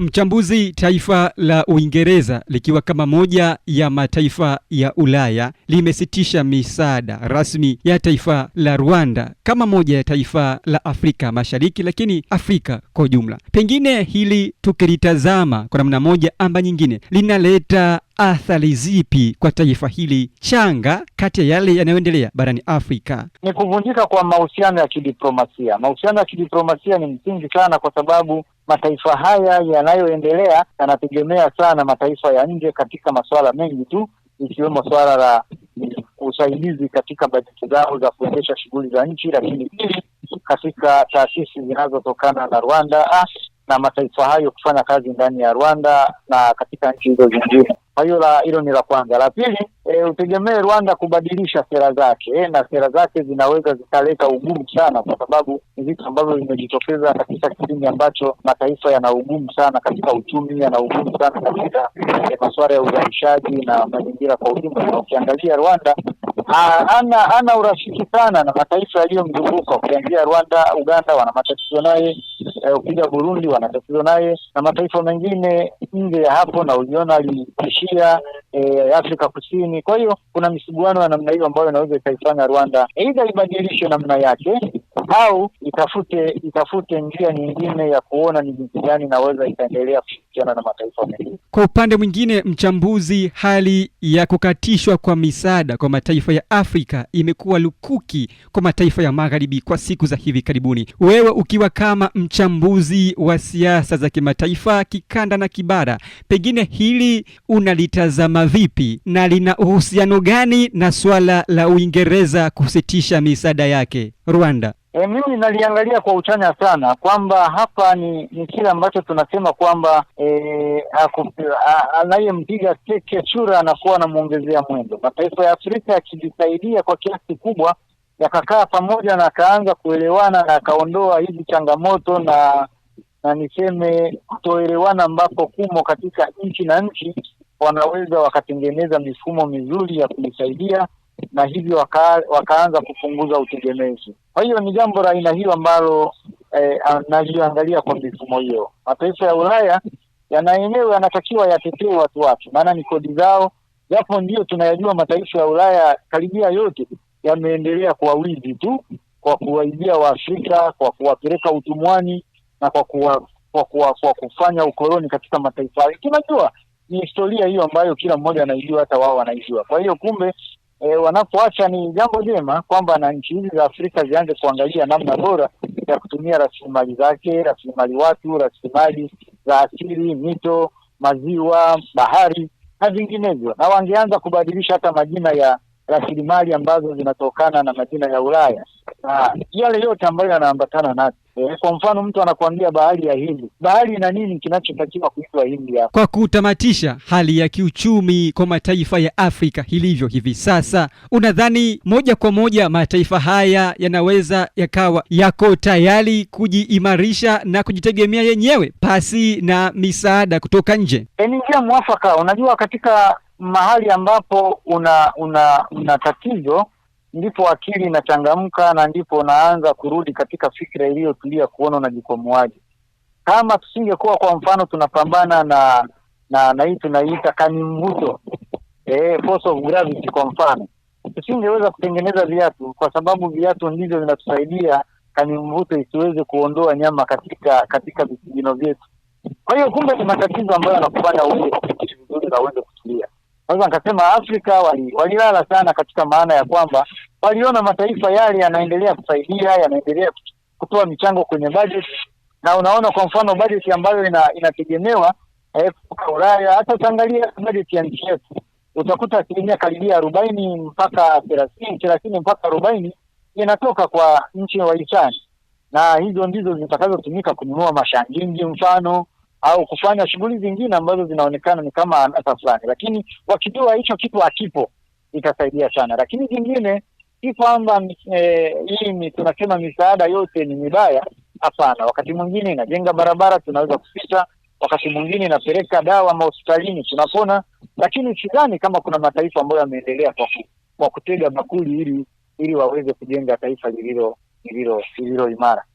Mchambuzi, taifa la Uingereza likiwa kama moja ya mataifa ya Ulaya limesitisha misaada rasmi ya taifa la Rwanda kama moja ya taifa la Afrika Mashariki, lakini Afrika kwa ujumla. Pengine hili tukilitazama kwa namna moja ama nyingine linaleta athari zipi kwa taifa hili changa kati ya yale yanayoendelea barani Afrika? Ni kuvunjika kwa mahusiano ya kidiplomasia. Mahusiano ya kidiplomasia ni msingi sana, kwa sababu mataifa haya yanayoendelea yanategemea sana mataifa ya nje katika masuala mengi tu, ikiwemo suala la usaidizi katika bajeti zao za kuendesha shughuli za nchi, lakini pili katika taasisi zinazotokana na Rwanda na mataifa hayo kufanya kazi ndani ya Rwanda na katika nchi hizo zingine. Kwa hiyo la hilo ni la kwanza. La pili, e, utegemee Rwanda kubadilisha sera zake e, na sera zake zinaweza zikaleta ugumu sana, kwa sababu ni vitu ambavyo vimejitokeza katika kipindi ambacho mataifa yana ugumu sana katika uchumi, yana ugumu sana katika e, masuala ya uzalishaji na mazingira kwa ujumla. Na ukiangalia Rwanda ana ana urafiki sana na mataifa yaliyomzunguka, ukiangalia Rwanda, Uganda wana matatizo naye ukija Burundi wana tatizo naye na mataifa mengine nje ya hapo, na uliona alitishia eh, Afrika Kusini. Kwa hiyo kuna misuguano ya namna hiyo ambayo inaweza ikaifanya Rwanda aidha ibadilishe namna yake au itafute itafute njia nyingine ya kuona ni jinsi gani inaweza ikaendelea kushirikiana na mataifa mengine. Kwa upande mwingine, mchambuzi, hali ya kukatishwa kwa misaada kwa mataifa ya Afrika imekuwa lukuki kwa mataifa ya Magharibi kwa siku za hivi karibuni. Wewe ukiwa kama mchambuzi wa siasa za kimataifa, kikanda na kibara, pengine hili unalitazama vipi na lina uhusiano gani na suala la Uingereza kusitisha misaada yake Rwanda? E, mimi naliangalia kwa uchanya sana kwamba hapa ni, ni kile ambacho tunasema kwamba e, anayempiga teke chura anakuwa anamwongezea mwendo. Mataifa ya Afrika yakijisaidia kwa kiasi kikubwa yakakaa pamoja na akaanza kuelewana na akaondoa hizi changamoto na na niseme kutoelewana ambapo kumo katika nchi na nchi, wanaweza wakatengeneza mifumo mizuri ya kuisaidia na hivyo waka, wakaanza kupunguza utegemezi. Kwa hiyo ni jambo la aina hiyo ambalo eh, naliyoangalia kwa mifumo hiyo. Mataifa ya Ulaya yana yanatakiwa yatetee watu wake, maana ni kodi zao, japo ndio tunayajua mataifa ya Ulaya karibia yote yameendelea wizi tu kwa kuwaibia Waafrika, kwa kuwapeleka utumwani na kwa kuwa, kwa, kuwa, kwa kufanya ukoloni katika mataifa hayo. Tunajua ni historia hiyo ambayo kila mmoja anaijua, hata wao wanaijua. Kwa hiyo kumbe e, wanapoacha ni jambo jema kwamba na nchi hizi za Afrika zianze kuangalia namna bora ya kutumia rasilimali zake, rasilimali watu, rasilimali za asili, mito, maziwa, bahari na vinginevyo, na wangeanza kubadilisha hata majina ya rasilimali ambazo zinatokana na majina ya Ulaya na ah, yale yote ambayo yanaambatana nayo. Eh, kwa mfano mtu anakuambia bahari ya Hindi, bahari ina nini kinachotakiwa kuitwa Hindi hapa? Kwa kutamatisha, hali ya kiuchumi kwa mataifa ya Afrika ilivyo hivi sasa, unadhani moja kwa moja mataifa haya yanaweza yakawa yako tayari kujiimarisha na kujitegemea yenyewe pasi na misaada kutoka nje? Eh, ni njia mwafaka. Unajua katika mahali ambapo una una, una tatizo ndipo akili inachangamka na ndipo unaanza kurudi katika fikra iliyotulia kuona unajikomoaje. Kama tusingekuwa kwa mfano tunapambana na na na hii tunaiita kani mvuto eh, force of gravity kwa mfano, tusingeweza kutengeneza viatu, kwa sababu viatu ndivyo vinatusaidia kani mvuto isiweze kuondoa nyama katika katika visigino vyetu. Kwa hiyo kumbe ni matatizo ambayo yanakufanya uwe vizuri na uweze kwa nikasema Afrika walilala wali sana, katika maana ya kwamba waliona mataifa yale yanaendelea kusaidia, yanaendelea kutoa michango kwenye bajeti, na unaona kwa mfano bajeti ambayo ina, inategemewa eh, kutoka Ulaya. Hata utaangalia bajeti ya nchi yetu utakuta asilimia karibia arobaini mpaka thelathini thelathini mpaka arobaini inatoka kwa nchi wahisani, na hizo ndizo zitakazotumika kununua mashangingi mfano au kufanya shughuli zingine ambazo zinaonekana ni kama anasa fulani, lakini wakijua hicho kitu hakipo itasaidia sana. Lakini kingine si kwamba eh, hii tunasema misaada yote ni mibaya. Hapana, wakati mwingine inajenga barabara, tunaweza kupita wakati mwingine inapeleka dawa mahospitalini tunapona, lakini sidhani kama kuna mataifa ambayo yameendelea kwa, kwa kutega bakuli ili ili waweze kujenga taifa lililo lililo imara.